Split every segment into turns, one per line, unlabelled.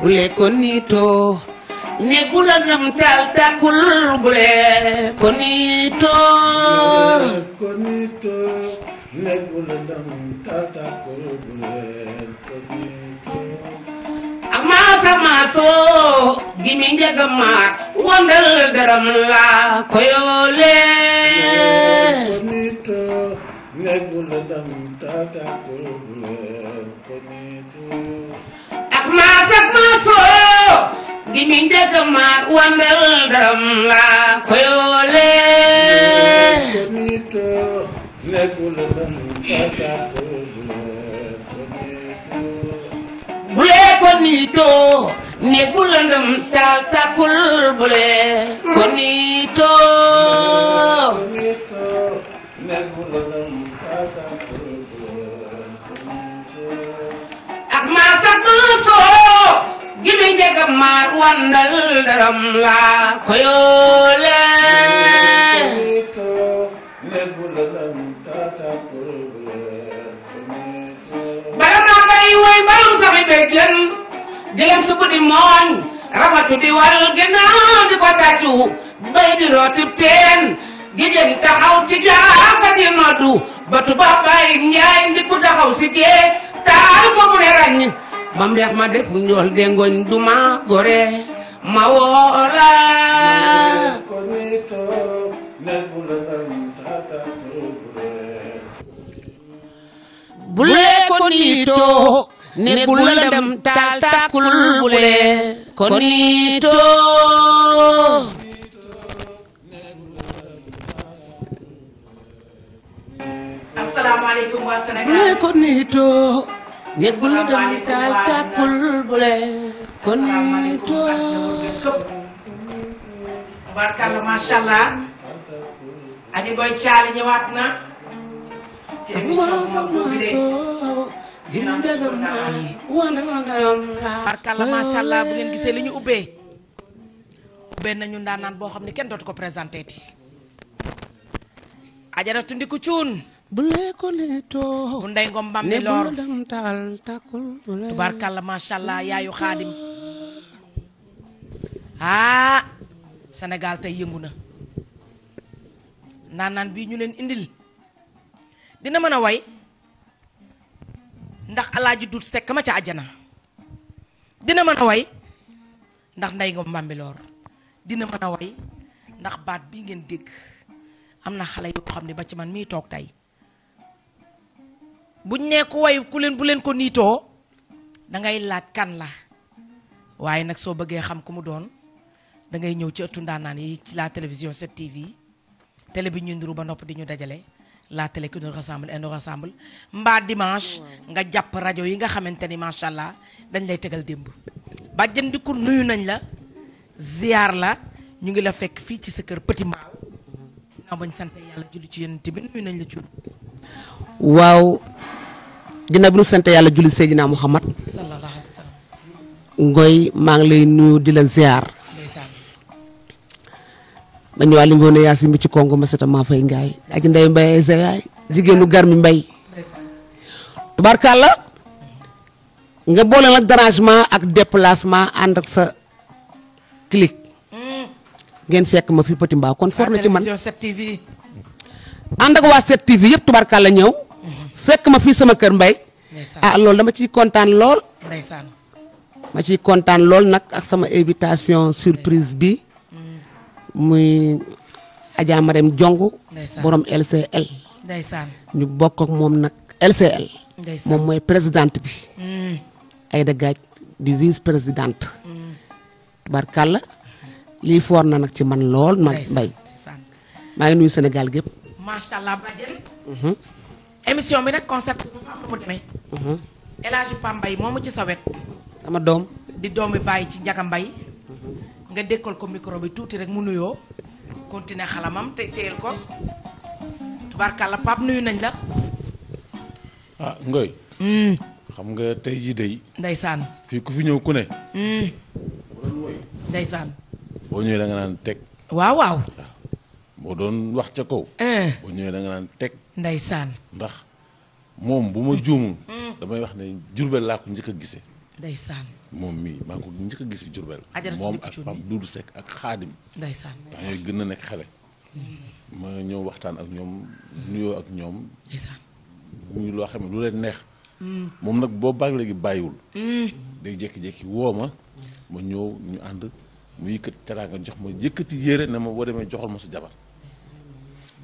bule ko niitoo ne ku la dam taal tàkkul bule ko niitoo
ko niitoo ne ku la dam taal tàkkul bule daram laa koyoolee ak maasak
maasoo gi mi njëkk maar wandal daram laa koyoole bule ko niitoo néeg bu lëndëm taal takkul bule ko niitoo
néeg bu lëndëm
ak maa sat soo gi mi dega maar wandal daram laa
koyoole
bala maa bay way barum saxi be gën dilem subu di mooñ rabatu di wal gannaaw di ko tàccu bay di rootib teen gi jëm taxaw ci jaar batu batu ba bàyyi ku taxaw si géej ko ma defu njool dengoñ du ma gore ma
niitoo ne gul
dem taal taakul bule ko niitoo asalaamaaleykum waa Sénégal bu leen ko niitoo. yéen bu la dem taal tàkkul bu leen ko niitoo. barkalla macha aji goy caali ñëwaat na. ci émission bu
ngeen gisee li ñu
ubbee. ubbee nañu ndaanaan boo xam ne kenn dootu ko présenté ti. ajaratu ndiku cuun. bu ndey ngom bam bi loor tubaarkàlla allah yaayu xaadim ah Sénégal tey yëngu na naan naan bii ñu leen indil dina mën a way ndax alaaji du sekk ma ca àjjana dina mën a way ndax ndey ngom bam dina mën a way ndax baat bii ngeen dégg am na xale yoo xam ne ba ci man mii toog tey buñ nee ku ku leen bu leen ko niitoo dangay laaj kan la waaye nag soo bëggee xam ku mu doon dangay ñëw ci ëttu ndaanaan yi ci la télévision 7TV télé bi ñu nduru ba nopp di ñu dajale laa télé qui nous rassemble et mbaa dimanche nga jàpp rajo yi nga xamante ni macha allah dañ lay tegal démb bàjjen nuyu nañ la ziar la ñu ngi la fekk fii ci sa kër Petit Mbao waaw ginnaaw bi ñu sant yàlla julli Seydina Muhammad ngoy maa ngi lay nuyu di la ziar ma ñëwaat li ngoone yaa si mbi ci Congo ma seta maa fay ngaay ak ndey mbay ay yaay jigéenu garmi mbay tubaarkàlla nga boole nag dérangement ak déplacement ànd ak sa clique ngeen fekk ma fi Petit Mbao kon for na ci man ànd ak waa 7TV yëpp la ñëw fekk ma fii sama kër mbay ah loolu dama ciy kontaan lool ndeysaan ma ciy kontaan lool nag ak sama invitation surprise bi muy Adja Marème Jong borom LCL ndeysaan ñu bokk ak moom nag LCL moom mooy présidente bi mm. Aïda Gadj di vice présidente mm. tubarkalla lii foor na nag ci man lool ma mbay maa ngi nuyu Sénégal gépp macha allah Badiane mhm. émission bi nag concept mu demee mhm. El Pambay moomu ci sa wet sama doom di doomi bàyyi ci njaga mbay mhm. nga dékkal ko micro bi tuuti rek mu nuyoo continuer xalamam te téyel ko tubaarkàlla Pape nuyu nañ la
ah Ngoy mm. xam nga tey jii day ndeysaan fii ku fi ñëw ku ne
mm. ndeysaan
boo ñëwee da naan teg. waaw waaw. boo doon wax ca kaw. Eh. boo ñëwee da nga naan teg. nday saan ndax moom bu ma juumul. damay wax ne Jurbel laa ko njëkk a gisee. ndeysaan. moom mii maa ko njëkk a gis Jurbel. moom ak Pape Doudou Seck ak Xaadim.
ndeysaan ndax
ñooy gën a nekk xale. ma ñëw waxtaan ak ñoom nuyoo ak ñoom. ndeysaan. ñu loo xam ne lu leen neex. Mm. moom nag boo baag léegi bàyyiwul. Mm. day jékki-jékki woo ma. ma ñëw ñu ànd. mu yëkkati teraanga jox ma yëkkati yére ne ma boo demee joxal ma sa jabar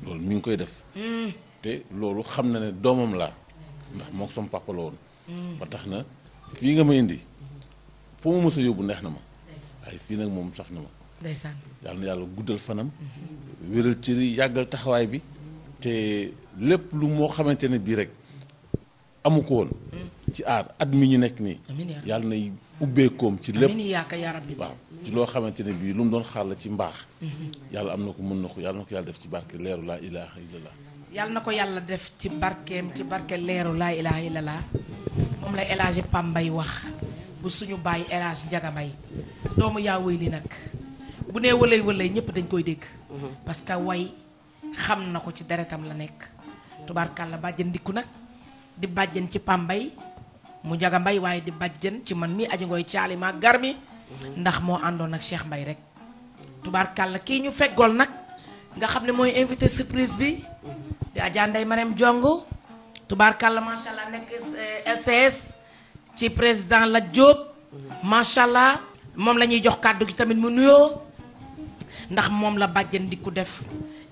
loolu mi ngi koy def. Hmm. te loolu xam na ne doomam laa ndax moo sama papa woon. Hmm. ba tax na fii nga ma indi foo ma mës yóbbu neex na ma waaye fii nag moom saf na ma. ndeysaan yàlla na yàlla guddal fanam. wéral cër yi yàggal taxawaay bi te lépp lu moo xamante ne bii rek amu hmm. ci aar at mi ñu nekk nii. yàlla nay. ubbeekoom ci lépp
waaw ci loo
xamante ne bii lu mu doon xaar la ci mbaax mm-hmm. yàlla am na ko mën na ko yàlla na ko yàlla def ci
na ko yàlla def ci barkeem ci barke leeru laa ilaha illallah moom la El Hadj wax bu suñu bàyyi El Hadj Njagambay doomu yaa wëy li nag bu nee wëlay wëlay ñëpp dañ koy dégg mm-hmm. parce que way xam na ko ci deretam la nekk tubaarkàlla bàjjan dikku nag di bàjjan ci Pambay mu njaga mbay waaye di bàjjen ci man mi aji ngoy caali maa gar mi mhm. ndax moo àndoon ak Cheikh Mbay rek tubaar kàll kii ñu feggool nag nga xam ne mooy invité surprise bi mhm. di Adja Ndeye Marème tubaar tubaarkàlla macha allah nekk eh, LCS ci président la Diop mhm. macha allah moom la ñuy jox kàddu gi tamit mu nuyoo ndax moom la bàjjen di ku def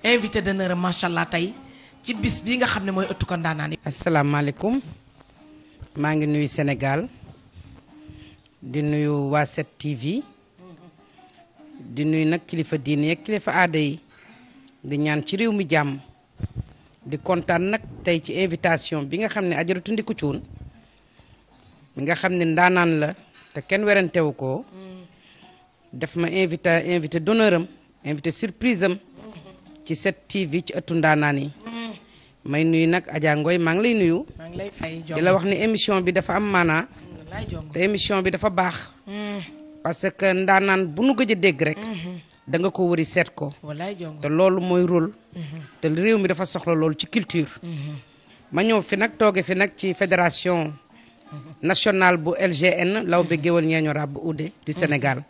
invité de d'honneur macha allah tey ci bis bi nga xam ne mooy ëttu ko ndaanaan. asalaamaaleykum. maa ngi nuyu Sénégal di nuyu waa 7TV di nuyu nag kilifa diine ak kilifa aada yi di ñaan ci réew mi jàmm di kontaan nag tey ci invitation bi nga xam ne ajaratu Ndickou Thioune bi nga xam ne ndaanaan la te kenn werantewu ko def ma invité invité d'honneur am invité surprise ci 7TV ci ëttu ndaanaan yi may nuyu nag Adja Ngoy maa ngi lay nuyu. maa ngi la wax ni émission bi dafa am maanaa. te émission bi dafa baax. Hmm. parce que ndaanaan bu nu gëj a dégg rek. Hmm. da nga ko wëri seet ko. te loolu mooy rôle. Hmm. te réew mi dafa soxla loolu ci culture. ma ñëw fi nag tooge fi nag ci fédération nationale bu LGN Lawbe Géwël Ñeeño Ràbb Ude du Sénégal.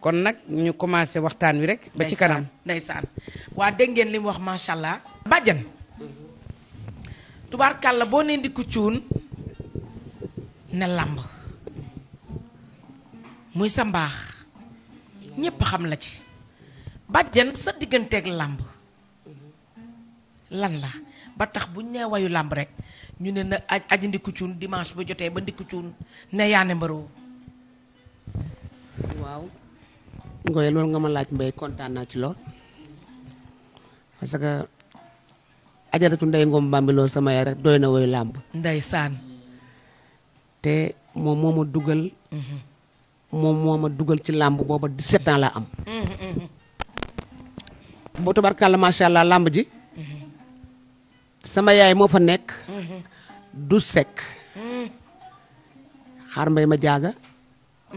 kon nag ñu commencé waxtaan wi rek. ba ci kanam ndeysaan waa dégg ngeen li wax macha allah. bàjjan. la boo nee ndikku cuun ne làmb muy sa mbaax ñépp xam la ci bàjjan sa digganteek làmb lan la ba tax buñ nee wayu làmb rek ñu ne na aji ndikku cuun dimanche bu jotee ba ndikku cuun ne yaane mbaroo waaw ngoy loolu nga ma laaj mbay kontaan naa ci lool parce que ajaratu ndey ngoom bambiloo sama yaay rek doy na woy làmb ndeysaan te moom moo ma dugal mhm. moom ma dugal ci làmb booba 17 ans la am
mhm.
boo tabarkàlla macha allah làmb ji mhm. sama yaay moo fa nekk du sekk xaar mbay ma jaaga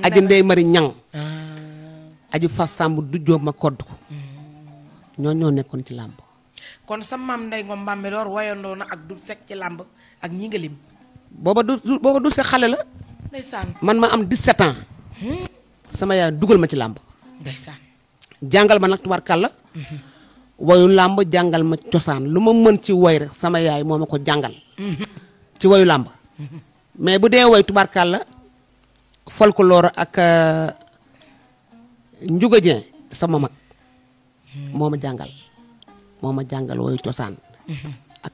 aji ndey mari ñang ah. aji fas sàmb du ma kodd ko ñoo nekkoon ci làmb kon sa maam Ndeye Ngom Bambilor wayandoo na ak du sekk ci làmb ak ñi nga lim. booba du booba du sekk xale la. ndeysaan man ma am 17 ans. Hmm? sama yaay dugal ma ci làmb. ndeysaan jàngal ma nag tubaarkàlla. Hmm. wayu làmb jàngal ma cosaan lu ma mën ci woy rek sama yaay moo ma ko jàngal. Hmm. ci wayu làmb. mais bu dee way tubaarkàlla folklore ak euh, njuga sama mag moo ma jàngal. moo ma jàngal woyu cosaan. Mhm. ak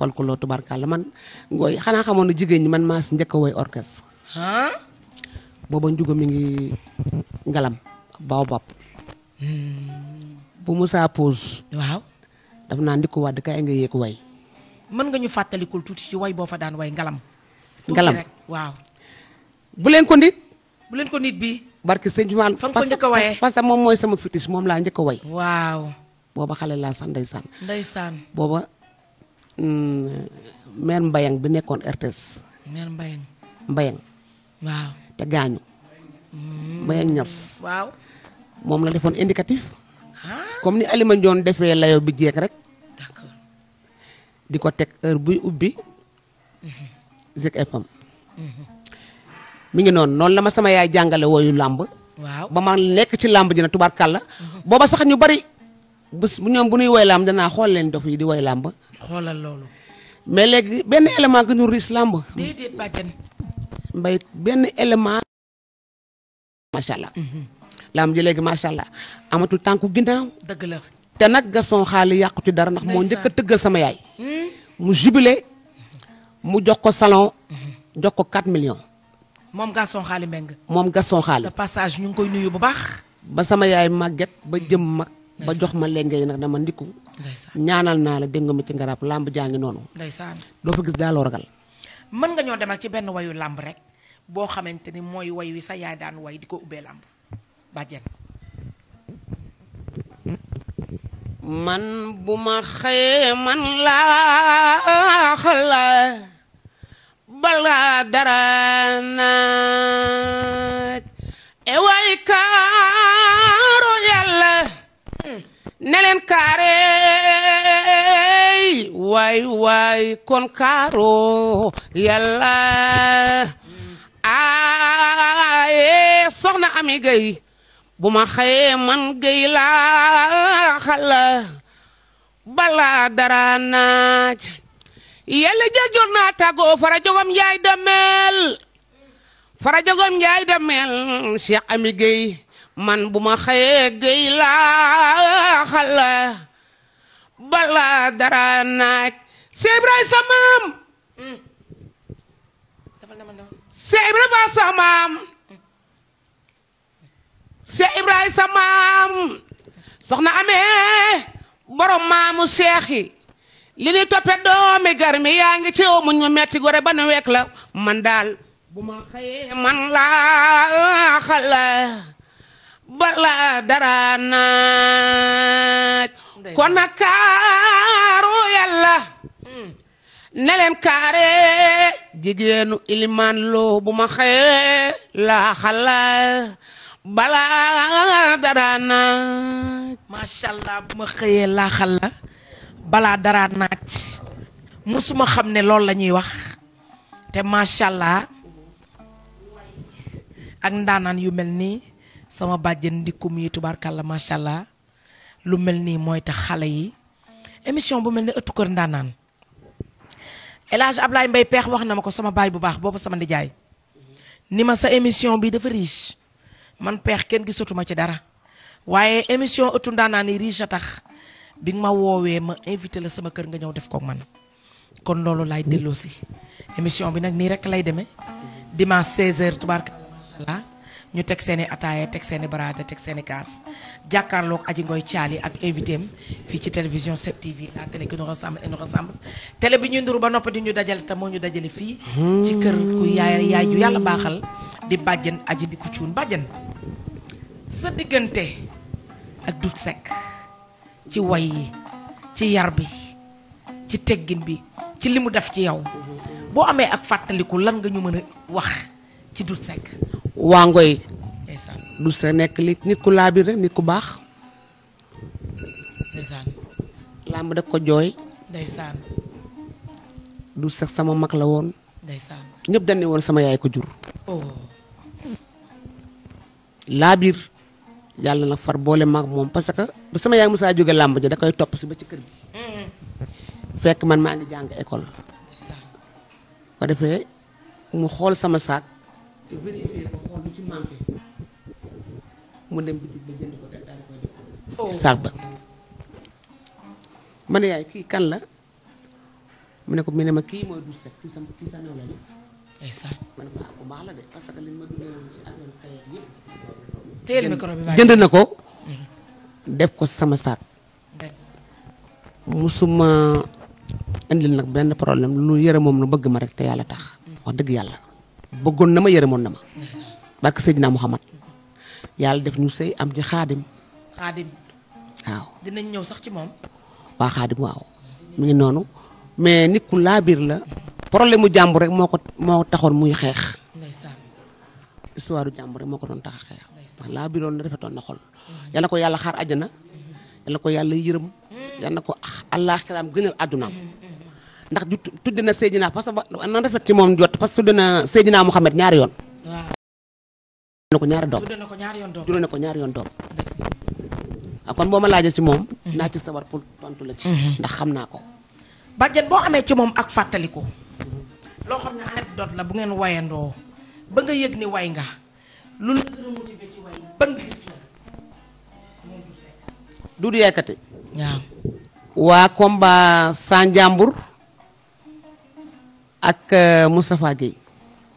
folklore tubarkalla man ngooy xanaa xamoon a jigéen ñi man maa si njëkk a woy orchestre. booba njugo mi ngi ngalam baobab. Hmm. bu Moussa Pose. waaw daf naa ndikku wàdd kaay nga yéeg way. mën nga ñu fàttalikul tuuti ci way boo fa daan way ngalam. ngalam rek waaw. bu ko nit. bu ko nit bi. barke sëñ bi ko njëkk a waye moom mooy sama fitis moom laa njëkk a booba xale laa sax ndeysaan. ndeysaan booba mm, mère Mbayang bi nekkoon RTS. mère Mbayang. Mbayang. waaw te gaañu. Mm. Mbayang Niass. waaw moom la defoon indicatif. Ah. comme ni Alima Ndione defee layo bi jeeg rek. di ko teg heure buy ubbi. Mhm. Zik mhm. ngi noon noonu la ma sama yaay jàngale wooyu làmb. waaw ba ma nekk ci làmb ji na tubaarkàlla. Mhm. booba sax ñu bari. bés bu ñoom bu ñuy woy làmb danaa xool leen dof yi di woy làmb. xoolal loolu. mais léegi benn élément gënu riis làmb. déedéet mbay benn élément. macha allah. Mhm. làmb ji léegi macha allah amatul tànku ginnaaw. dëgg la te nag Gaston xaali yàqu ci dara ndax moo njëkk a tëggal sama yaay. Hmm? mu jubilé mu jox ko salon. Mhm. jox ko 4 millions. moom Gaston xaali Mbengue. moom Gaston xaali. de ñu ngi koy nuyu bu baax. ba sama yaay màgget ba jëm mag. ba jox ma lengee nag dama ndikku ñaanal naa la dégg nga ma ci ngarab làmb jaa noonu ndeysaan doo fa gis daaloo ragal mën nga ñoo demal ci benn wayu làmb rek boo xamante ni mooy way wi sa yaay daan way di ko ubbee làmb bàjjen man bu ma xëyee man laa xala balaa dara naaj e way yàlla ne leen kaare waay kon kaaro yàlla soxna ami gay bu ma xëyee man gay laa xala balaa dara naaj yàlla jëjoon naa tàggoo fara jogom yaay dameel fara jogom yaay dameel Cheikh ami gay man bu ma xëyee géy laa xala balaa dara naaj Seex Ibra sama mm. maam Seex Ibra ba maam soxna amee borom maamu seex yi li ni toppe doomi garmi yaa ngi ci muñ mu metti gore ba nu wekk la man daal bu ma xëyee man laa xala bala dara naaj kon na kaaru yàlla hmm. ne kaare jigéenu ilimaan loo bu ma xee laa xalaat balaa dara naaj macha allah bu ma xëyee laaxal la balaa dara naaj musuma xam ne loolu la ñuy wax te macha allah ak ndaanaan yu mel nii sama bàjjen ndikkum yi tubaarkàlla macha allah lu mel nii mooy tax xale yi émission bu mel ni ëttu kër ndaanaan El Hadj Ablaye mbay peex wax na ma ko sama baay bu baax boobu sama nijaay ni ma sa émission bi dafa riche man peex kenn gisatuma ci dara waaye émission ëttu ndaanaan yi riche a tax bi nga ma woowee ma invité la sama kër nga ñëw def ko man kon loolu laay delloosi émission bi nag nii rek lay demee dimanche 16h tubaarkalla ñu teg seen i teg seeni i teg seen i kaas jàkkaarloog aji ngoy caali ak invité fii ci télévision 7TV la télé qui nous ressemble et bi ñuy nduru ba noppi di ñu dajale te moo ñu dajale fii. ci kër ku yaay yaay ju yàlla baaxal di bàjjen aji di ku cuun bàjjen sa diggante ak du sekk ci way yi ci yar bi ci teggin bi ci li mu def ci yow boo amee ak fàttaliku lan nga ñu mën a wax. ci Doudou Seck. waa Ngoy. ndeysaan Doudou Seck nekk li nit ku laabire nit ku baax. làmb da ko jooy. ndeysaan. Doudou Seck sama mag la woon. ndeysaan ñëpp dañ ne woon sama yaay ko jur. oh. laabir yàlla nag far boole maag moom parce que bu sama yaay musaa jóge làmb ja da koy topp si ba ci kër gi. Mm-hmm. fekk man maa ngi jàng école. ko defee mu xool sama saak te mu dem bitig ba jënd ko def oh. la mu ne ko mu ne ma kii mooy du la ah, baax la de parce que li ma duggee na ko. Mhm. ko sama saag. musuma indil nag benn problème lu yëre moom lu bëgg ma rek te yàlla tax. Mhm. wax dëgg yàlla. bëggoon na ma moon na ma barke Seydina Muhammad yàlla def ñu sëy am ci xaadim. xaadim waaw. dinañ ñëw sax ci moom. waa xaadim waaw mu ngi noonu mais nit ku laa biir la. problème mu jàmbur rek moo ko moo taxoon muy xeex. ndeysaan. histoire du jàmbur rek moo ko doon tax a xeex. ndeysaan laa biroon na rafetoon na xol. yal ko yàlla xaar àjjana. yal ko yàlla yërëm. Mm-hmm. yal na ko àllaaxiraam ah, gënal àddunaam. ndax ju tudd na Seydina parce que nan rafet moom jot parce que tudd na Seydina Mouhamed ñaari yoon. ko ñaari doom tudd ko ñaari yoon doom tudd na ko ñaari yoon ah, boo ma laajee ci moom. Mhm. naa ci sawar pour tontu la ci. Mhm. ndax xam naa ko. bàjjen boo amee ci moom ak fàttaliku. loo xam ne anecdote la bu ngeen wayandoo ba nga yëg ni way nga lu la gën a ba nga gis waa combat sans ak euh, Moustapha Guèye.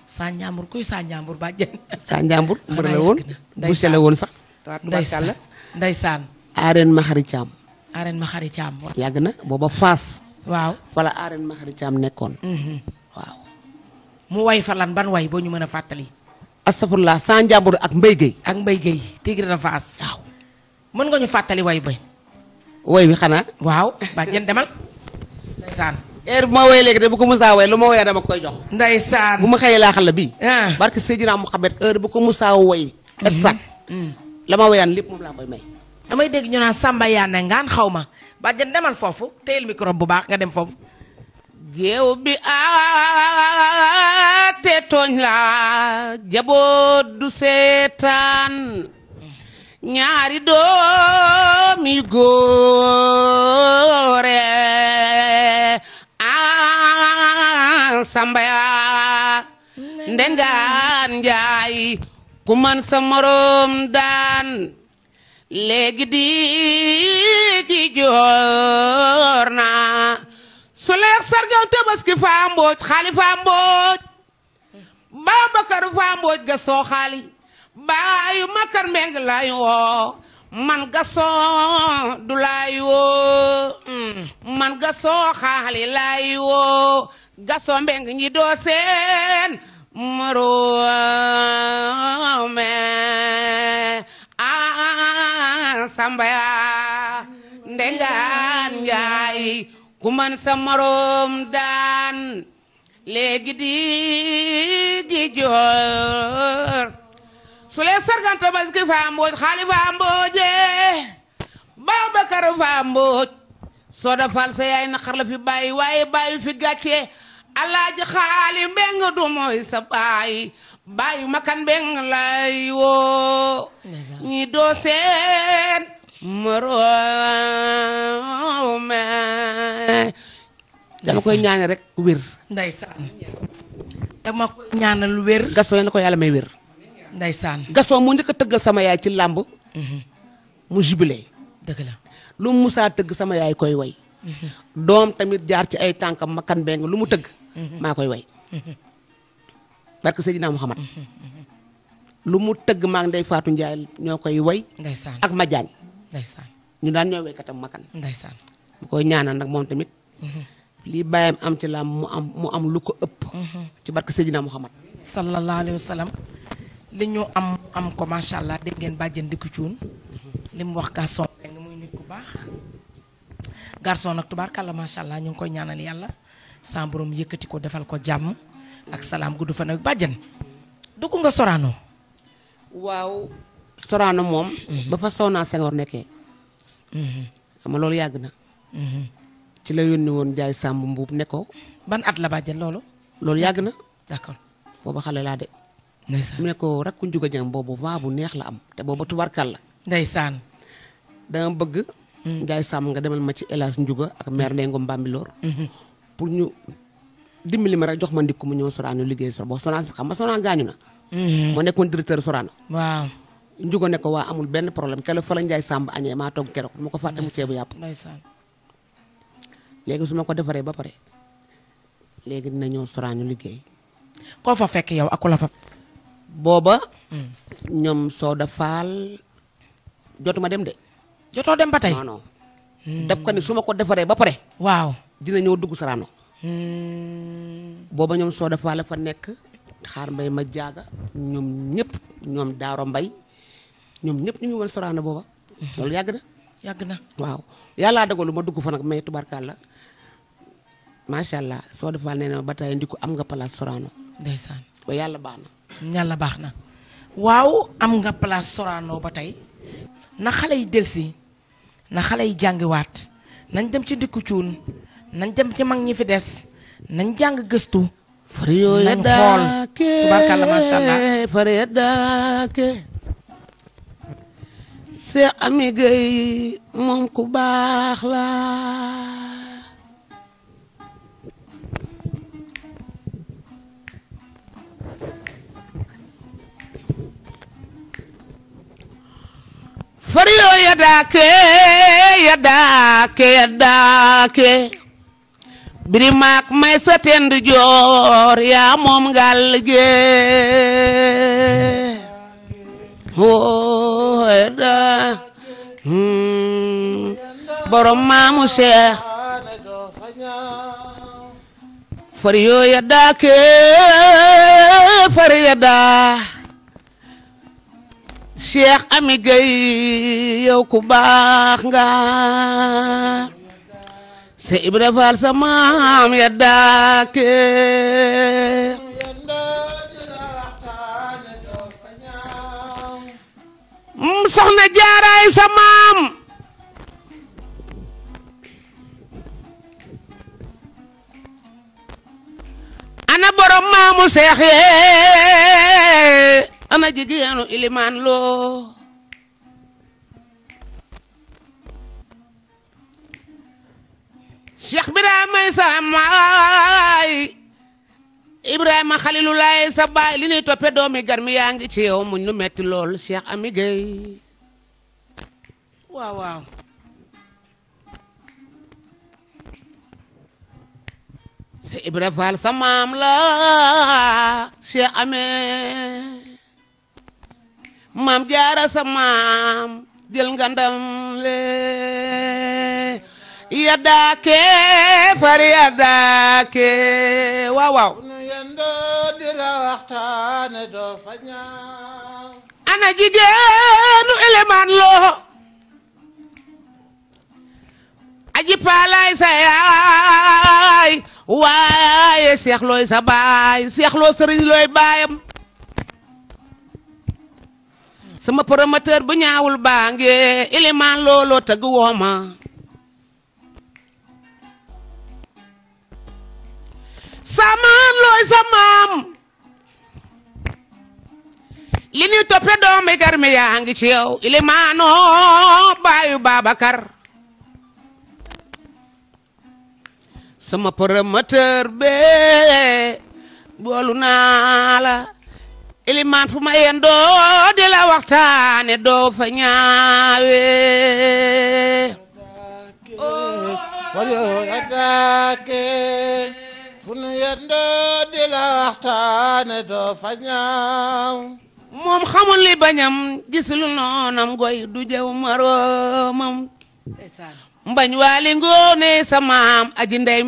Sanjambur kuy Sanjambur bàjjen. Sanjambur mbër la woon buuse la woon sax. ndeysaan ndeysaan. Arène Maxari Thiam. Arène yàgg na booba Faas. waaw fala Arène Maxari Thiam nekkoon. Mhm. waaw. mu way fa lan ban way boo ñu mën a fàttali. astafurlah Sanjambur ak Mbaye Guèye. ak Mbaye Guèye Tigre na Faas. waaw mën nga ñu fàttali way ba. way bi xanaa. waaw bàjjen demal ndeysaan. heure bu ma woyee léegi te bu ko Moussa woyee lu ma woyee dama koy jox. ndeysaan bu ma xëyee laa xala bi ah. barke Seydina Mouhamed heure bu ko Moussa woyee. Mhm. Mm. la ma woyaan lépp moom laa koy may. damay dégg ñu naan Samba Yaane ngaan xaw ma bàjjen demal foofu téyel micro bu baax nga dem foofu. géew bi a samba yaa ndengaan njaay ku man sa moroom daan léegi diigi joor na su leex sargaw tabaski faa mbooj xaali faa mbooj baabakaru faa mbooj gasoo xaali baayu makar mbeng lay woo man gasoo du lay woo mm. man gasoo xaali lay woo Gaston Mbengue ngi doo seen moroome ah, samba yaa ndengaan njaay ku man sa moroom daan léegi di gi joor su lee baski faa xaali faa mbooje Babacar faa mbooj soo da fal sa fi bàyyi waaye bàyyi fi gàcce alaaji xaali mbeng du mooy sa baay baayu makan mbeng lay woo ñi doo seen moroome dama koy ñaane rek wér ndeysaan dama koy lu wér gasoo yal na ko yàlla may wér ndeysaan gasoo mu njëkk a tëggal sama yaay ci làmb mhm. mu jubilé lu musaa tëgg sama yaay koy way mhm. doom tamit jaar ci ay tànkam makan mbeng lu mu tëgg
maa koy way
barke Seydina Muhammad lu mu tëgg maak Ndey Faatu Njaay ñoo koy way ndeysaan ak Majaañ ndeysaan ñu daan ñoo waykatam makan ndeysaan mu koy ñaanal nag moom tamit mhm. lii bàyyam am ci la mu am mu am lu ko ëpp mhm. ci barke Seydina Muhammad sallallahu alayhi wa sallam li ñu am am ko macha allah dégg ngeen bàjjen dikku cuun li mu wax garçon muy nit ku baax garçon nag tubaarkàlla macha allah ñu ngi koy ñaanal yàlla sa borom yëkkati ko defal ko jàmm ak salaam gudd fan ak bàjjan waaw Sorano moom. Mhm. ba fa Sona Senghor nekkee. xam mhm. loolu yàgg na. Mhm. ci la yónni woon jaay Samb mbuub ne ko. ban at la bàjjan loolu. loolu yàgg na. d'accord booba xale laa de. ndeysaan mu ne ko rakku njuga jàng boobu waa bu neex la am te booba tubarkal la. saan dama bëgg. jaay Samb nga demal ma ci El Hadj Ndiouga ak maire Ndeye Ngom Bambilor. pour ñu dimbali ma rek jox ma ndikku mu ñëw Sorano liggéey sa bo Sorano xam ma Sorano na. Mhm. moo nekkoon directeur Sorano. waaw njugo ne ko waa amul benn problème keroog fa la Ndiaye Samb añee maa togg keroog ma ko fàtte mu seebu yàpp. ndeysaan léegi su ma ko defaree ba pare léegi dina ñëw Sorano liggéey. koo fa fekk yow ak ku booba. Mm. ñoom Soda Fall jotuma dem de. jotoo dem ba tey non non. Mm. daf ko ni su ma ko defaree ba pare. waaw. dina ñëw dugg Sorano. Hmm. booba ñoom soo dafa la fa nekk xaar mbay ma jaaga ñoom ñëpp ñoom daaro mbay ñoom ñëpp ñu ngi woon Sorano booba. Mhm. loolu yàgg na. yàgg na waaw yàllaa dogalu ma dugg fa nag mais tubarkalla macha allah soo defal nee na ba tey ndi ko am nga place Sorano. ndeysaan ba yàlla baax na. baax na waaw nga place Sorano ba tey na xale yi delsi na xale yi jàngiwaat nañ dem ci ndikku cuun nañ dem ci mag ñi fi des nañ jàng gëstu. nañ xool tubarkalla macha allah. Cheikh Ami Gueye moom ku baax la. far yoo ya daake ya daake birimaak may sa tend joor yaa moom ngal gee woo da hmm, borom maamu seex far yoo ya kee far ya daa ami gay ku baax nga se ibra faal sa maam mm, soxna jaaraay sa ana borom maamu seex yee ana jigéenu ilimaan loo cheikh biraamay sa maay ibrahima xalilulaay sa baay li ñuy toppe doomi garmi yaa ngi ci yow muñ nu metti lool cheikh ami gay waaw waaw si ibra faal sa maam la cheikh ame maam jaara sa maam jël nga ndam yaddaake far yaddaake waaw
waaw nu
ana jigéenu elemaan loo aji paalaay sa yaay waaye seex looy sa baay seex loo sëriñ looy baayam sama promoteur bu ñaawul baa nge elemaan looloo tëgg wooma saamaan looy sa maam li ñuy toppe doomi garmi yaa ngi ci yow ilimaanoo baayu Babacar sama promoteur bee boolu naa la ilimaan fu ma yeen doo di la waxtaane doo fa ñaawe
bu nu yendoo di la waxtaane doo fa
noonam goy du jëw moroomam mbañ waali ngoone sa maam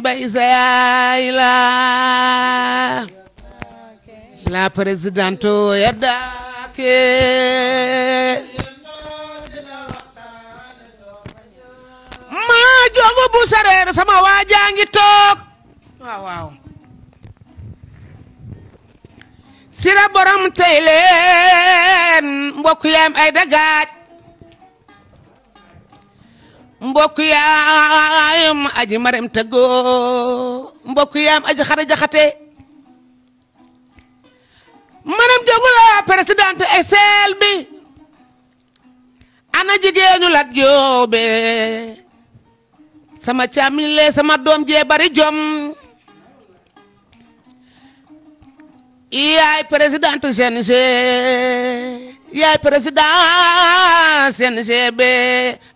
mbay sa yaay la yaddaake maa jogu bu sareer waajaa ngi toog waaw waaw sira leen mbokk yaam ay dagaaj mbokk yaam aji marem tëggoo mbokk yaam aji xara jaxate manam jogu la présidente esel bi ana jigéenu lat joobe sama càmmiñ sama doom jee bari jom yaay présidente CNG yaay président CNG be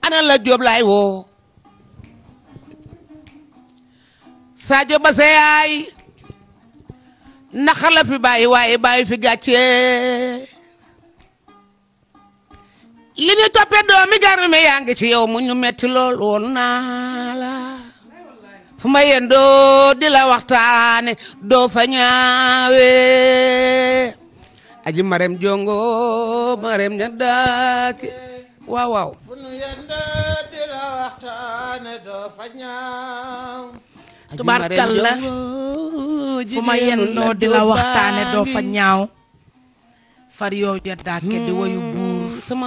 ana la Jóob laay woo Sadio Basse yaay naxa la fi bàyyi waaye bàyyi fi gàcce li ñu toppee doomi garmi yaa ngi ci yow mu ñu metti lool woon
naa
fu ma yendoo di la waxtaane doo fa ñaawe aji marem la waxtaane doo fa ñaaw tubarkalla
fu ma yendoo di la waxtaane doo fa ñaaw
far yoo ja daake di hmm, wayu buur xam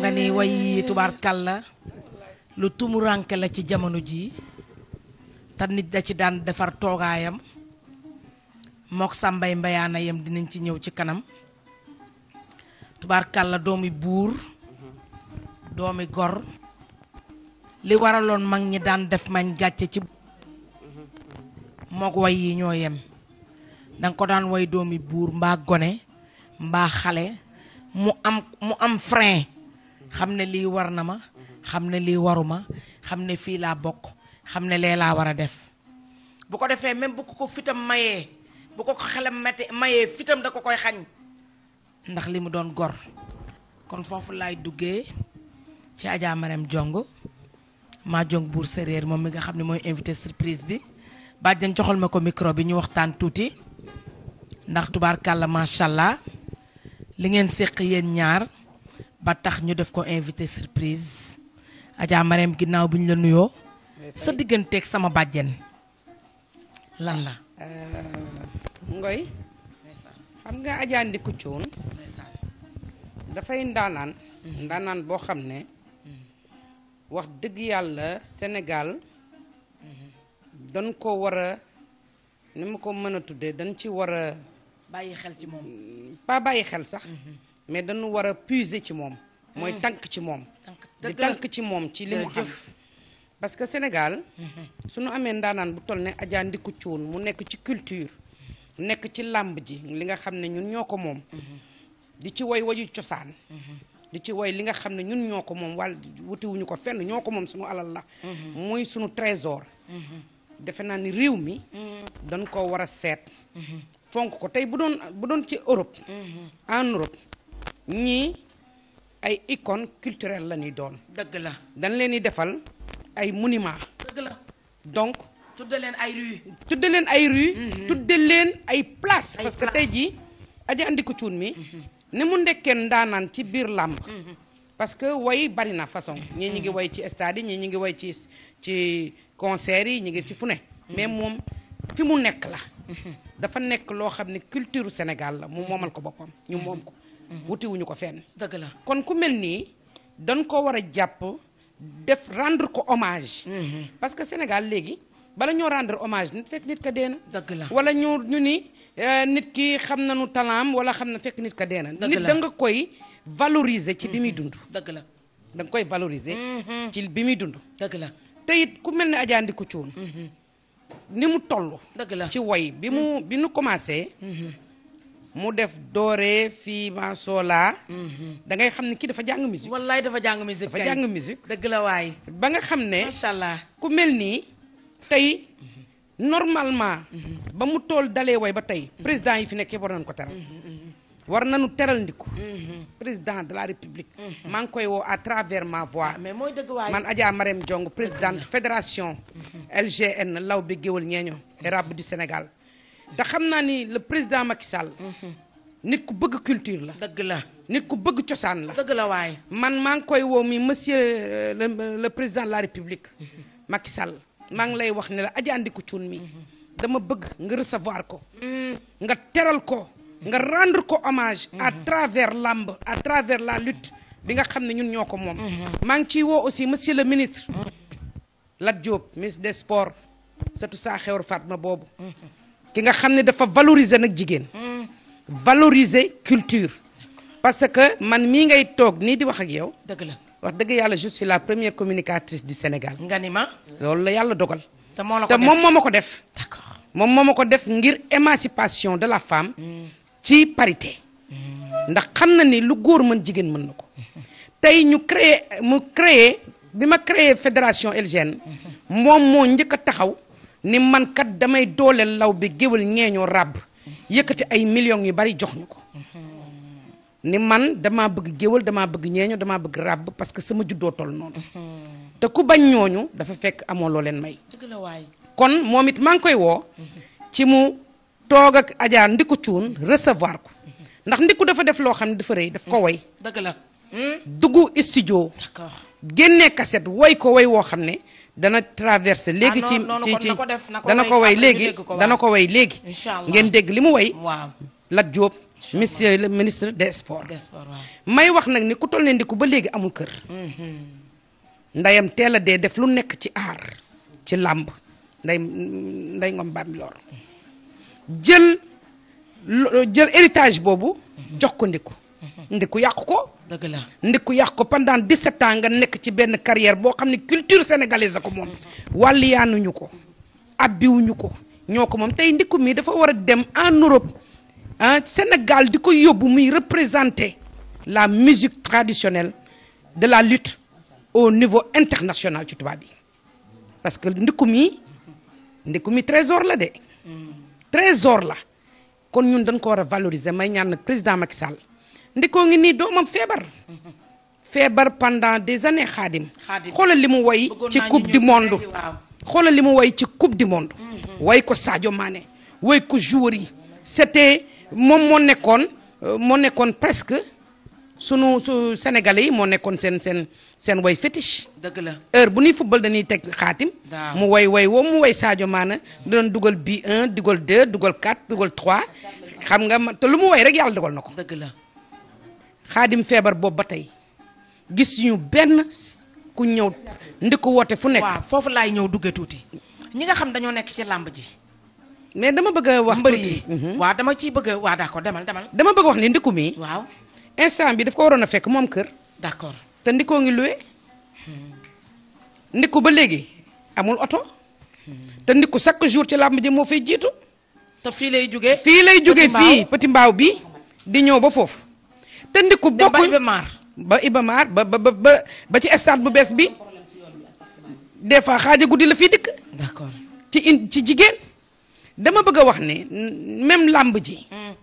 nga ni way tubarkalla lu tumuranke la ci jamono ji te nit da ci daan defar toogaayam mook sa sàmbay mbayaana yam dinañ ci ñëw ci kanam tubaarkàlla doomi buur doomi gor li waraloon mag ñi daan def mañ gàcce ci mook woy yi ñoo yem danga ko daan woy doomi buur mbaa gone mbaa xale mu am mu am frein xam ne lii war na ma xam ne lii waruma xam ne fii laa bokk xam ne lee laa war a def bu ko defee même bu ko ko fitam mayee bu ko ko xelam mate mayee fitam da ko koy xañ ndax li mu doon gor kon foofu laay duggee ci Adja Marème Jong maa jong buur séréer moom mi nga xam ne mooy invité surprise bi bàjjan joxal ma ko micro bi ñu waxtaan tuuti ndax kàll macha allah li ngeen séq yéen ñaar ba tax ñu def ko invité surprise Adja Marème ginnaaw bi ñu la nuyoo sa digganteeg sama bàjjen lan la. Euh, Ngoy. xam nga Adja Ndickou Cuun dafay ndaanaan. ndaanaan boo xam ne. wax dëgg yàlla Sénégal. dañ ko war a ni ma ko mën a tuddee dañ ci war a. bàyyi xel ci moom. bàyyi xel sax. mais dañu war a ci moom. mooy mm. tànk ci moom. di tànk ci moom ci li mu xam parce que Sénégal suñu amee ndaanaan bu toll ne Adja Ndickou mu nekk ci culture nekk ci làmb ji li nga xam ne ñun ñoo ko moom di ci woy woyu cosaan di ci woy li nga xam ne ñun ñoo ko moom wala wutiwuñu ko fenn ñoo ko moom suñu alal la muy suñu trésor defe naa ni réew mi dañ ko war a seet fonk ko tey bu doon bu doon ci Europe en Europe ñii ay icône culturelle la ñuy doon dëgg la dañ leen di defal ay monument dëgg la donc. tudde leen ay rue. tudde leen ay rue. Mhm. tudde leen ay place parce que tey jii. aja andi mi. Mhm. ni mu ndekkee ndaanaan ci biir làmp mhm. parce que woy bari na façon. ñii ñu ngi way ci stade yi ñii ñu ngi woy ci ci concert yi ñu ngi ci fu ne. mais moom fi mu nekk la. dafa nekk loo xam ne culture Sénégal la mu moomal ko boppam ñu moom ko. wutiwuñu ko fenn. dëgg la kon ku mel nii dañ ko war a jàpp. def rendre ko hommage. Mhm. parce que Sénégal léegi bala ñoo rendre hommage nit fekk nit ka deena. dëgg la wala ñu ñu ni euh, nit ki xam na nañu talaam wala xam na fekk nit ka deena. nit da nga koy valoriser ci bi muy mhm. dund. dëgg la da koy valoriser. Mhm. ci bi muy dund. dëgg la te it ku mel ni Adja Ndickou Cuun ni mu toll. dagg la ci woy bi mu bi nu commencé. mu def dooree fii ma soola mhm. da ngay xam ne kii dafa jàng musique. wallaay dafa jàng musique dafa jàng musique. dëgg la waay. ba nga xam ne macha allah ku mel nii tey mhm. normalement. Mhm. ba mu tool dalee way ba tey. président yi fi nekk yëpp war nañu ko teral. war nañu teral ndiku président de la république. maa ngi koy woo à travers ma voix. Ah, mais mooy dëgg waay man Adja Marème jong présidente fédération. LGN law bi géwël ñeeño et rab du Sénégal. te xam naa ni le président Macky Sall. nit ku bëgg culture la. dëgg la nit ku bëgg cosaan la. dëgg man maa ngi koy woo mi monsieur euh, le le président la république. Macky Sall maa ngi lay wax ni la Adja Ndickou Thioune mi dama bëgg nga recevoir ko. nga teral ko. nga rendre ko hommage. à travers làmb à travers la lutte bi nga xam ne ñun ñoo ko moom. maa ngi ciy woo aussi monsieur le ministre. Lat Diop ministre des sports surtout saa xewar Fatma boobu. ki nga xam ne dafa valoriser nag jigéen valoriser culture parce que man mii ngay toog nii di wax ak yow dëgg la wax dëgg yàlla je suis la première communicatrice du Sénégal nga ni ma loolu la yàlla dogal te moom moo ko def d'accord moom moo ma ko def ngir émancipation de la femme mm. ci parité mm. ndax xam na ni lu góor mën jigéen mën na ko tey ñu créé mu créé bi ma créer fédération LGN mm-hmm. moom moo njëkk a taxaw ni man kat damay dooleel law bi géwél ñeeñoo ràbb yëkkati ay millions yu bari jox ñu ko ni man damaa bëgg géwél damaa bëgg ñeeño damaa bëgg ràbb parce que sama juddoo tol noonu te ku bañ ñooñu dafa fekk amoo loo leen may kon moom it maa ngi koy woo ci mu toog ak Adja Ndiku Cuun recevoir ko ndax Ndiku dafa def loo xam ne dafa rëy daf ko woy dëgg la dugg studio kaset woy ko woy woo xam ne dana traversé léegi ah, ci ci ci dana ko way léegi dana ko way léegi ngeen dégg li mu way Lat Diop monsieur le ministre des sports may wax nag ni ku toll ne ndiku ba léegi amul kër mm-hmm. ndayam teel a dee def lu nekk ci aar ci làmb nday nday ngom mm-hmm. jël jël héritage boobu mm-hmm. jox ko ndiku ndiku yàq ko. dëgg la ndiku yàq ko pendant 17 ans nga nekk ci benn carrière boo xam ne culture sénégalaise ko moom. wàlliyaanuñu ko. abbiwuñu ko. ñoo ko moom tey ndikku mii dafa war a dem en Europe ah Sénégal di ko yóbbu muy représenter la musique traditionnelle de la lutte au niveau international ci tubaab bi parce que ndikku mi ndikku mi trésor la de. Mm. trésor la kon ñun dañ ko war a valoriser may ñaan nag président Macky Sall ndikoo ngi nii doomam feebar feebar pendant des années xaadim xoolal li mu woy ci coupe du monde xoolal li mu woy ci coupe du monde woy ko Sadio maane woy ko joueur yi c'était moom moo nekkoon euh, moo nekkoon presque sunu su sénégalais yi moo nekkoon seen seen seen woy fétiche dëgg la heure bu ñuy football dañuy teg xaatim mu woy woy woo mu woy Sadio maane doon dugal bi 1 dugal 2 dugal 4 dugal 3 xam nga te lu mu woy rek yàlla dugal na ko dëgg la xaadim feebar boobu ba tey gis ñu benn ku ñëw ndi ko woote fu nekk. waaw foofu laay ñëw duggee tuuti ñi nga xam dañoo nekk ci làmb ji. mais dama bëgg wax. mbër yi mhm. waaw dama ciy bëgg a waaw d'accord demal demal. dama bëgg wax ne ndiku mi. waaw instant bi daf ko waroon a fekk moom kër. d'accord te ndikoo ngi luwe. ndiku ba léegi amul oto. te ndiku chaque jour ci làmb ji moo fay jiitu. te fii lay jugee. fii lay jugee fii Petit Mbaaw bi di ñëw ba foofu. te ndiku bokkuñ ba Ibamaar ba ba ba ba ci stade bu bees bi des fois xaaja guddi la fii dikk. d'accord ci in ci jigéen dama bëgg a wax ne même làmb ji. Mm.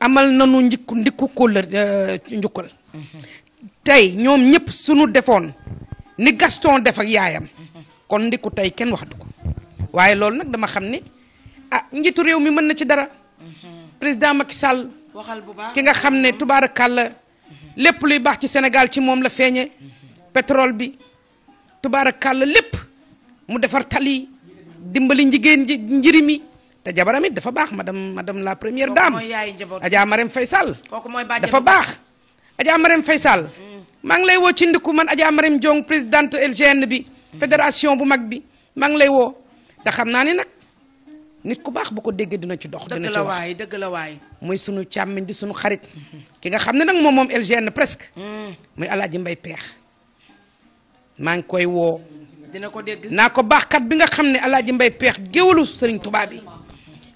amal nanu njikku ndikku kóllër euh, njukkal. Mm-hmm. tey ñoom ñëpp suñu defoon ni Gaston def ak yaayam. Mm-hmm. kon ndikku tey kenn waxatu ko waaye loolu nag dama xam ne ah njiitu réew mi mën na ci dara. Mm-hmm. président Macky Sall. waxal ki nga xam ne tubaar lépp luy baax ci Sénégal ci moom la feeñe petrol bi tu baar tubaarakàlla lépp mu defar tali dimbali njigéen ji njirimi te jabaram it dafa baax madame madame la première dame Adja Marème Faye Sall dafa baax Adja Marème Faye Sall mm. maa ngi lay woo ci ndiku man Adja Marème Diong présidente LGN bi mm. fédération bu mag bi maa ngi lay woo te xam naa ni nag nit ku baax bu ko déggee dina ci dox. dina ci wax la waay dëgg la waay. muy sunu càmmiñ di suñu xarit. ki nga xam ne nag moom moom LGN presque. Hmm. muy Alaaji Mbay Peex maa ngi koy woo. dina ko dégg naa ko baax kat bi nga xam ne Alaaji Mbay Peex géwalu Sëriñ Tuubaa bi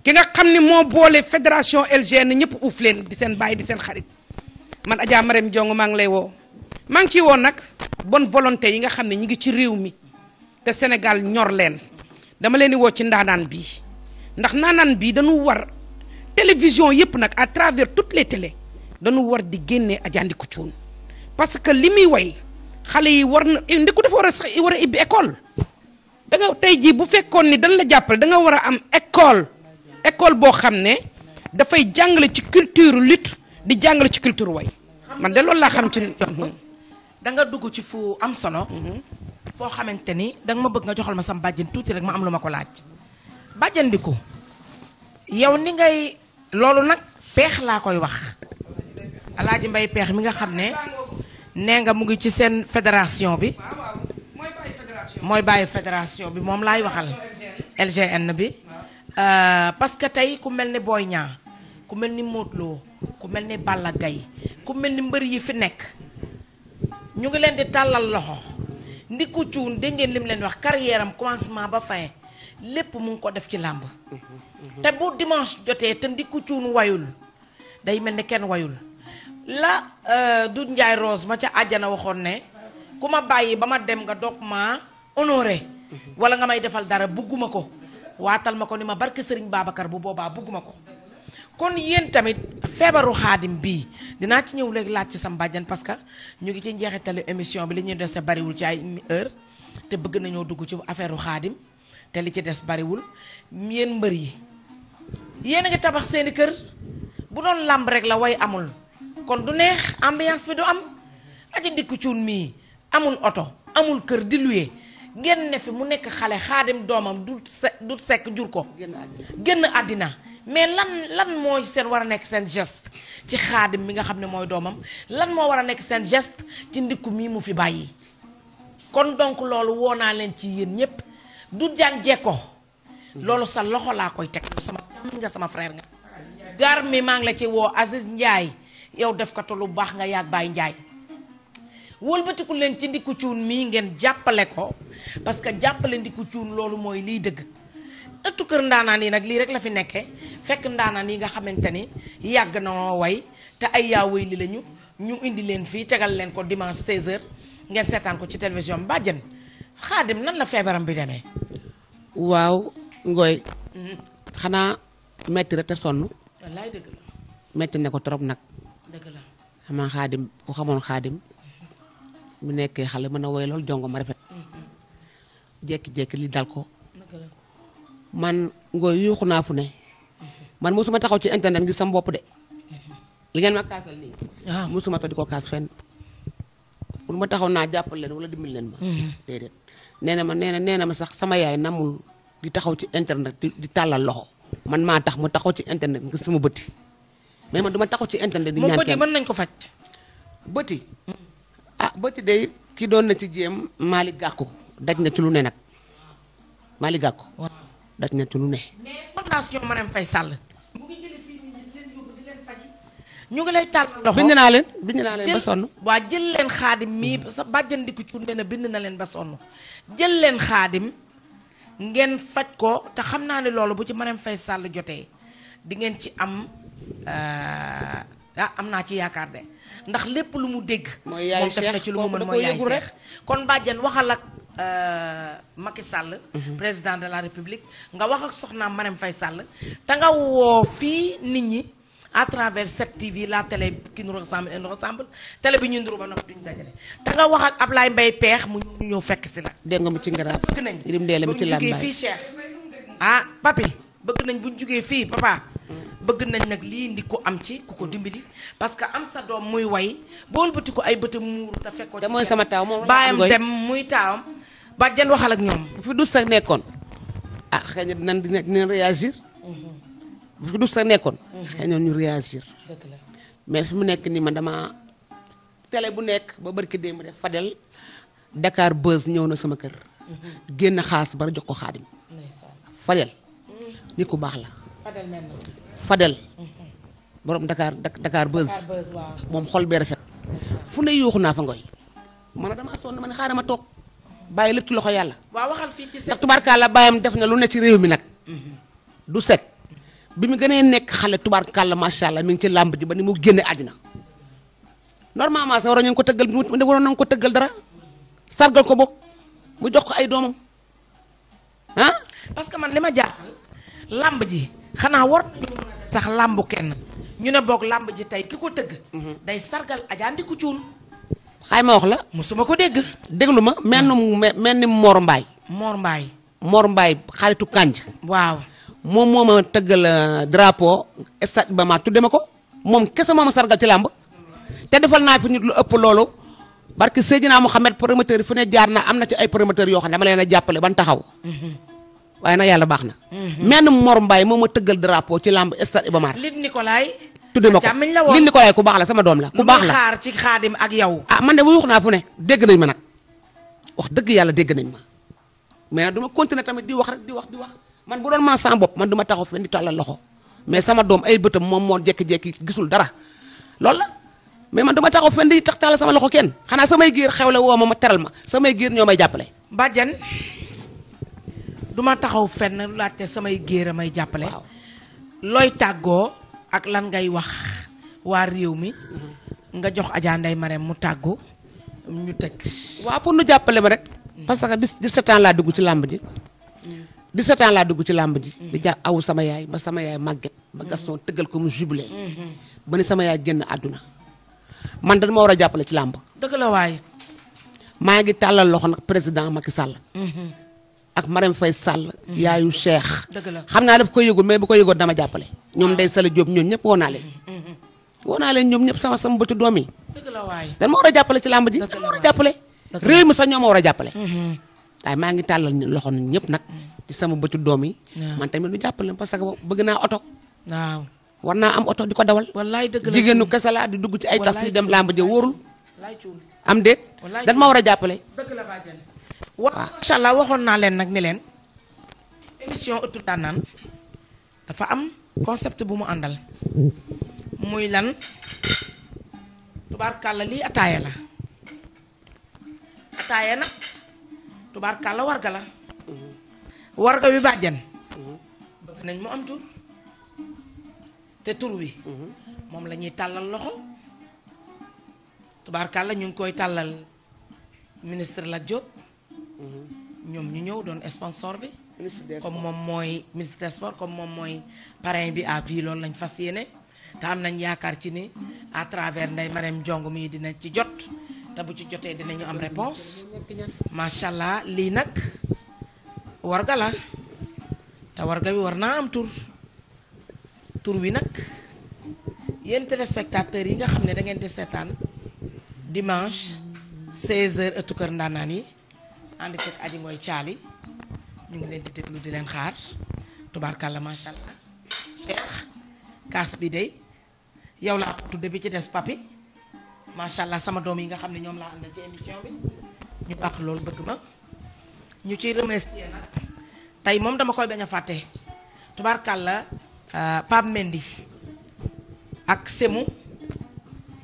ki nga xam ne moo boole fédération LGN ñëpp uuf leen di seen bàyyi di seen xarit man Adja Marème jong maa ngi lay woo. maa ngi ciy woo nag bon volonté yi nga xam ne ñu ngi ci réew mi te Sénégal ñor leen dama leen di woo ci ndaanaan bii. ndax naanaan bi dañu war télévision yëpp nag à travers toutes les télés dañu war di génne Adja Cuun parce que li muy woy xale yi war na eh, Ndickou dafa war a sax war a ibbi école da nga tey jii bu fekkoon ni dañ la jàppale da nga war a am école école boo xam ne dafay jàngale ci culture lutte di jàngale ci culture way man de loolu laa xam ci da nga dugg ci fu am solo mm-hmm. foo xamante ni da nga ma bëgg nga joxal ma sam bàjjen tuuti rek ma am lu ma ko laaj bàjjandiku yow ni ngay loolu nag peex laa koy wax alaaji mbay peex mi nga xam ne nee nga mu ngi ci seen fédération bi mooy bàyyi fédération bi moom laay waxal LGN bi euh, parce que tey ku mel ni booy Niang ku mel ni Modou ku mel ni Balla Gaye ku mel ni mbër yi fi nekk ñu ngi leen di tàllal loxo ndi ku cuun dégg ngeen lim leen wax carrière am commencement ba fin lépp mu ngi ko def ci làmb te bu dimanche jotee te ndikku cuun wayul day mel ni kenn wayul la euh, du Njaay Rose ma ca àjjana waxoon ne ku ma bàyyi ba ma dem nga doog ma honoré wala nga may defal dara bugguma ko waatal ma ko ni ma barke sëriñ Babacar bu boobaa bugguma ko kon yéen tamit feebaru xaadim bii dinaa ci ñëw léegi laaj ci sam bàjjan parce que ñu ngi ci njeexitalu émission bi li ñuy dese bariwul ci ay heure te bëgg nañoo dugg ci affaireu xaadim te li ci des bariwul yéen mbër yi yéen a ngi tabax seeni kër bu doon làmb rek la way amul kon du neex ambiance bi du am aja dikku cuun mii amul oto amul kër di luye génn ne fi mu nekk xale xaadim doomam du sekk jur ko génn àddina mais lan lan mooy seen war a nekk seen gest ci xaadim mi nga xam ne mooy doomam lan moo war a nekk seen gest ci ndikku mii mu fi bàyyi kon donc loolu woo naa leen ci yéen ñépp du jaan ko loolu sa loxo laa koy teg sama nga sama frère nga gar mi maa ngi la ci woo Aziz Ndiaye yow def ko lu baax nga yàgg bàyyi njaay wëlbatiku leen ci ndikku cuun mii ngeen jàppale ko parce que jàppale ndikku cuun loolu mooy liy dëgg ëttu kër ndaanaan yi nag lii rek la fi nekkee fekk ndaanaan yi nga xamante ni yàgg na way te ay yaa way li lañu ñu indi leen fii tegal leen ko dimanche 16h ngeen seetaan ko ci télévision Mbadiane Xaadim nan la feebaram bi demee waaw ngooy xanaa metti rek te sonn. metti ne ko trop nag. dëgg la xamaa xaadim ku xamoon xaadim. mu nekkee xale mën a woy loolu jongo ma rafet. jékki-jékki li dal ko. man ngooy yuuxu naa fu ne. man suma taxaw ci internet ngir sam bopp de. li ngeen ma kaasal nii. waaw ah. mosuma to ko kaas fenn. pour ma taxaw naa jàppal leen wala dimbali leen ma. Mm-hmm. nee na ma nee na nee na ma sax sama yaay namul di taxaw ci internet di di tàllal loxo man maa tax mu taxaw ci internet nga suma bëti mais man duma taxaw ci internet. di ñaan kenn moom bëti mën nañ ko faj. bëti ah bëti day kii doon na ci jéem maali Gakou daj na ci lu ne nag Malick Gakou. daj na ci lu ne. mais fondation Marème Faye Sall. ñu ngi lay tàll loxo bind naa leen bind naa leen ba sonn waa jël leen xaadim mii sa bàjjan dikku cuun nee na bind na leen ba sonn jël leen xaadim ngeen faj ko te xam naa ne loolu bu ci Marème fay sàll jotee di ngeen ci am euh, ah am naa ci yaakaar de ndax lépp lu mu dégg moom def na ci lu mu mën mooy yaay seex kon bàjjan waxal ak euh, Macky Sall mhm. président de la République nga wax ak soxnaam Marème Faye Sall te nga woo fii nit ñi à travers cette TV la télé qui nous ressemble et nous bi ñu nduru ba noppi duñu dajale te nga wax ak Ablaye Mbaye peex mu ñëw fekk si la. dégg nga mu ci ngaraab bëgg nañ bu ñu jugee fii Cheikh ah papi bëgg nañ bu ñu fii papa. bëgg nañ nag lii ndi ko am ci ku ko dimbali parce que am sa doom muy way bool bëti ko ay bëtam muuru te fekkoo ci mooy sama taaw moom baayam dem muy taawam bàjjen waxal ak ñoom. fi du sa nekkoon ah xëy na dinañ dinañ réagir. Mhm. du sa nekkoon. xëy mhm. ñu réagir. mais fi mu nekk nii ma dama télé bu nekk ba barki démb def Fadel Dakar Buzz ñëw na sama kër. Mhm. génn xaas bara jox ko xaadim. Fadel mhm. nit ku baax la. Fadel même Fadel. borom Dakar moom xol bee rafet. fu ne yuuxu naa fa ngoy. man dama sonn man xaaral ma toog. bàyyi lépp ci loxo yàlla. waaw waxal fii ci. ndax tubaarkaala def na lu ne ci réew mi nag. du set. bi mu gënee nekk xale tubaar tubaarkàlla macha allah mi ngi ci làmb ji ba ni mu génne àddina normalement sax waroon nañ ko tëggal waroon nañ ko tëggal dara sargal ko boog mu jox ko ay doomam ah. parce que man li ma jaaxal làmb ji xanaa war sax làmb kenn ñu ne boog làmb ji tey ki ko tëgg. Mhm. day sargal Adja Ndickou Cuun. xaay ma wax la. musuma ko dégg. déglu ma mel ni mel ni Mor Mbaay. moor Mbaay. Mor Mbaay xaritu Kanj. waaw. moom moo ma tëggal euh, drapeau stade ba ma tudde ma ko moom kese moo ma sargal ci làmb te defal naa fi nit lu ëpp loolu barke Seydina Mouhamed promoteur yi fu ne jaar na am na ci ay promoteur yoo xam ne dama leen a jàppale ban na. Mhm. menn ma tëggal drapeau ci làmb stade Iba Mar. Lydie Nicolay. tudde ma ko Lydie Nicolay ku baax la sama doom la. ku baax la xaar ci xaadim ak yow. ah man de wax naa fu ne dégg nañ ma nag wax dëgg yàlla dégg nañ ma mais nag du ma continuer tamit di wax man bu doon man sama bopp man du ma taxaw fenn di tàllal loxo mais sama doom ay bëtam moom moo jékki-jékki gisul dara loolu la mais man du taxaw fenn di tax tàllal sama loxo kenn xanaa samay géer xew la woo ma ma teral ma samay géer ñoo may jàppale. Badiane du ma taxaw fenn laajte samay géer a may jàppale. looy tàggoo ak lan ngay wax waa réew mi. Mm-hmm. nga jox Adja Ndeye Marème mu tàggu ñu teg. waa pour nu jàppale ma rek. Mm. parce que 17 ans laa dugg ci làmb ji. 17 ans laa dugg ci làmb ji. di jàpp awu sama yaay ba sama yaay màgget. ba Gaston tëggal ko mu jubilé. ba ni sama yaay génn àdduna. man dañ ma war a jàppale ci làmb. dëgg la waay. maa ngi tàllal loxo nag président Macky Sall. Mhm. ak Marème Faye Sall. Mhm. yaayu Cheikh. dëgg la xam naa daf ko yëgul mais bu ko yëgoon dama jàppale. ñoom Ndeye Sala Diop ñoom ñëpp naa mhm, naa leen ñoom ñëpp sama sama bëtu doom yi. waay dañ jàppale ci làmb ji. dëgg la waay war a jàppale. réew mi sax ñoo ma war a jàppale. waaye maa ngi tàllal loxo ñëpp nag di sama bëtu doom yi. man tamit lu jàppale parce que bëgg naa oto. waaw war naa am oto di ko dawal. wallaay dëgg la jigéenu kese laa di dugg ci ay taxi dem làmb ja wóorul. am déet dan ma war a jàppale. waxoon naa leen nag ni leen. émission ëttu dafa am concept bu mu àndal. muy lan tubaarkàlla lii ataaya la. ataaya nag. tubaarkàlla warga la warga wi bàjjen bëgg mu am tur te tur wi moom la ñuy tàllal loxo tubaar la ñu ngi koy tàllal ministre la Diop ñoom ñu ñëw doon sponsor bi comme moom mooy ministre des comme moom mooy parrain bi à vie lañ fas yéene te am nañ yaakaar ci ni à travers Ndeye Marème Diong mii dina ci jot te bu ci jotee dinañu am réponse macha allah lii nag warga la te warga bi war naa am tur tur wi nag tele téléspectateurs yi nga xam ne da ngeen di seetaan dimanche 16h ëttu kër ndaanaan yi ànd ceeg aji mooy caali ñu ngi leen di déglu di leen xaar tubaarkàlla macha allah. kaas bi de yow laa ko tudde bi ci des papi macha allah sama doom yi nga xam ne ñoom laa na ci émission bi ñu baax loolu bëgg ma ñu ci remercier nag tey moom dama koy bañ a fàtte tubaarkàlla euh, Pape Mendy ak Semu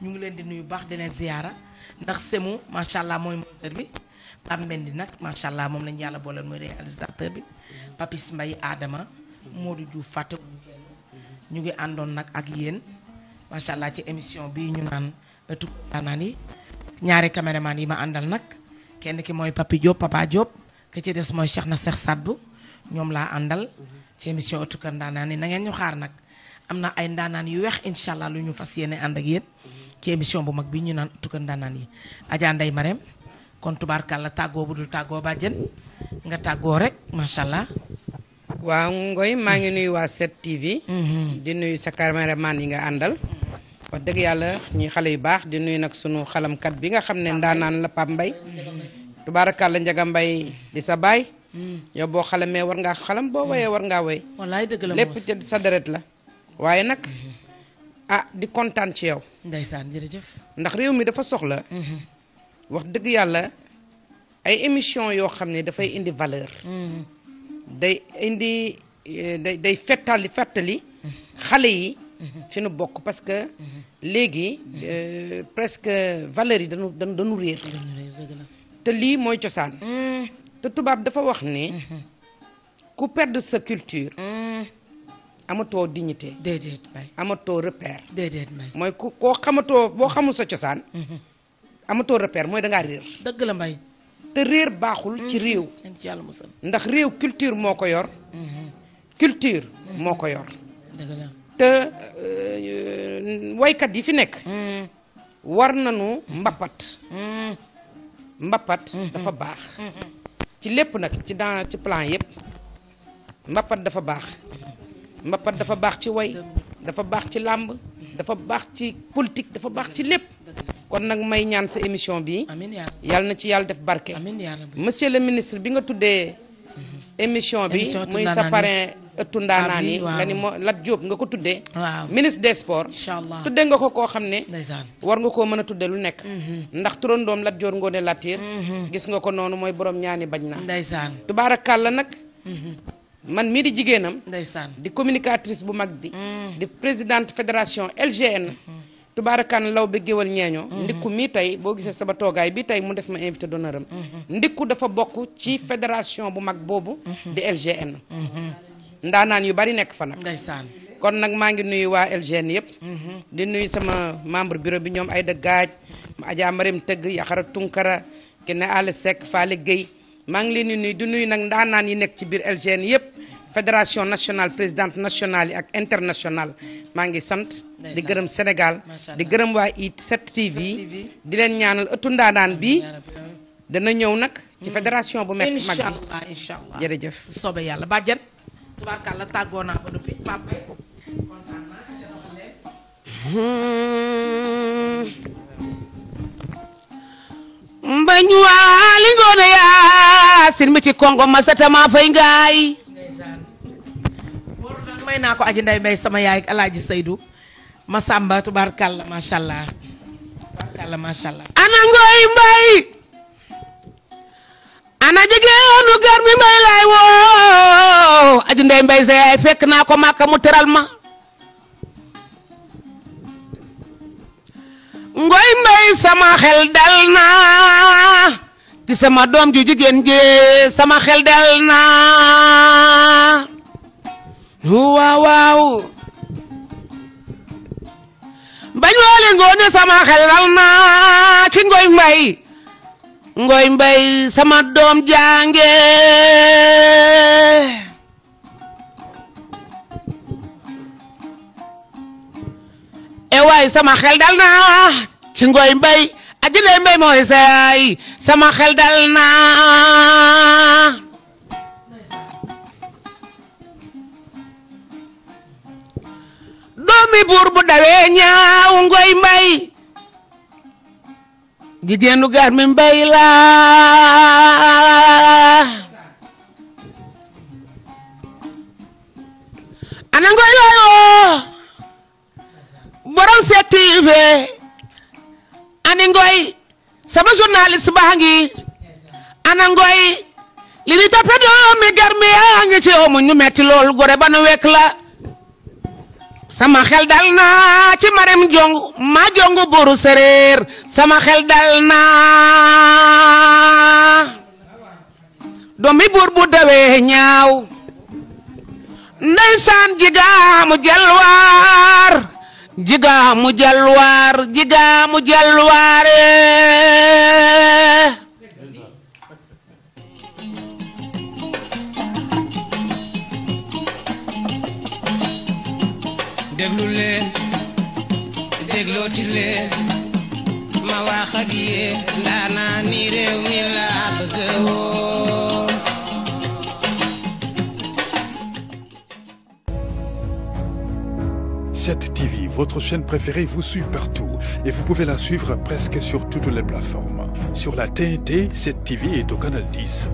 ñu ngi leen di nuyu baax di leen ziyaara ndax Semu macha allah mooy monteur bi Pape Mendy nag macha allah moom lañ yàlla booleel mooy réalisateur bi Papis Mbaye Adama Modou juuf fàtte ñu ngi àndoon nag ak yéen macha allah ci émission bii ñu naan. tukkaanaan yi ñaari caméraman yi ma àndal nag kenn ki mooy Papi Diop Papa Diop ki ci des mooy Cheikh na Cheikh Sadbu ñoom laa àndal ci émission ëttu kër ndaanaan yi na ñu xaar nag am na ay ndaanaan yu weex incha allah lu ñu fas yéene àndak ak yéen ci émission bu mag bi ñu naan ëttu kër ndaanaan yi Adja Ndeye Marème kon tubaarkàlla tàggoo bu dul tàggoo bàjjen nga tàggoo rek macha allah. waaw Ngoy maa ngi nuyu waa 7TV. Mhm. di nuyu sa caméraman yi nga àndal. Mhm. wax dëgg yàlla ñi xale yu baax di nuyu nag sunu xalamkat bi nga xam ne ndaanaan la Pape Mbaye la Njaga Mbaye di sa baay yow boo xalamee war ngaa xalam boo woyee war ngaa woy wallaay dëgg la lépp ci sa deret la waaye nag ah di kontaan ci yow ndeysaan jërëjëf ndax réew mi dafa soxla mhm. wax dëgg yàlla ay émission yoo xam ne dafay indi valeur mhm. day indi eh, day day fettali mhm. xale yi ci nu bokk parce que léegi euh, presque valeurs yi dañu dañu dañu réer te lii mooy cosaan mm. te tubaab dafa wax ni mm-hmm. ku perdre sa culture mm. amatoo dignité déedéet bay amatoo repère mooy ku koo xamatoo boo xamul sa cosaan mm-hmm. amatoo repère mooy da ngaa réer te réer baaxul ci mm-hmm. réew ndax réew culture moo ko yor culture moo ko yor te euh, waykat yi fi nekk. war nañu mbappat. mbappat dafa baax. ci lépp nag ci dans ci plan yëpp mbappat dafa baax mbappat dafa baax ci way dafa baax ci làmb dafa baax ci politique dafa baax ci lépp kon nag may ñaan sa émission bi yàlla na ci yàlla def barke monsieur le ministre bi nga tuddee émission bi muy sa parrain ëttu ndaanaan yi nga ni moo Lat nga ko tuddee waaw ministre des sports incha allah tuddee nga ko koo xam ne war nga koo mën a tuddee lu nekk mhm. ndax turandoom Lat Dior Ngoone Latiir mhm. gis nga ko noonu mooy borom ñaani bañ na ndeysaan la nag mhm. man mii di jigéenam ndeysaan di communicatrice bu mag bi di présidente fédération LGN tubaarakan law bi géwal ñeeño ndikku mii tey boo gisee saba toogaay bi tey mu def ma invité d'honneur am ndikku dafa bokk ci fédération bu mag boobu di ndaanaan yu bari nekk fa nag. ndeysaan kon nag maa ngi nuyu waa LGN yëpp. Mm-hmm. di nuyu sama membre bureau bi ñoom Aïda Gaaj Adja Mariam Tëgg Yaxara Tunkara Kine Aliou Seck Fallé Guèye maa ngi leen di nuyu di nuyu nag ndaanaan yi nekk ci biir LGN yëpp. fédération nationale présidente nationale yi ak internationale maa ngi sant di gërëm Sénégal di gërëm waa it 7 TV di leen ñaanal ëttu ndaanaan bi ah. dana ñëw nag ci mm. fédération bu mekk mag bi incha allah tubaarkàlla tàggoo naa ba noppi Pape kontaan naa hmm. mbañ waa li ngoone yaa sin mi ci kongo masata maa fay ngaay may naa ko aji nday mbay sama yaay alaaji Seydou Masamba tubaarkàlla macha allah tubaarkàlla macha allah ana ngooy mbay ana jigéenu gar mi mbay laay woo aju ndey mbay sa fekk naa ko màkka mu teral ma ngoy mbay sama xel dal na ci sama doom ju jigéen ji sama xel dal na waaw waaw bañ waale ngoone sama xel dal na ci ngoy mbay ngoy mbay sama doom jànge e waay sama xel dal na ci ngoy mbay aji day mbay mooy saay sama xel dal na doomi buur bu dawee ñaaw ngoy mbay jigéenu gaar mi mbay laa ana ngoy laayoo borom seet TV ana ngoy sama journaliste baa ngi ana li di tapé mi gar yaa ngi ci omu ñu metti loolu gore ba nu la sama xel dal naa ci marim jong ma jong buru séréer sama xel dal naa doomi buur bu dawee ñaaw ndeysaan jigaamu jalwaar jigaamu jalwaar jigaamu jalwaare déglooti leen ma wax ak ni réew mi laa bëgg woo
Cette TV, votre chaîne préférée, vous suit partout et vous pouvez la suivre presque sur toutes les plateformes. Sur la TNT, cette TV est au canal 10.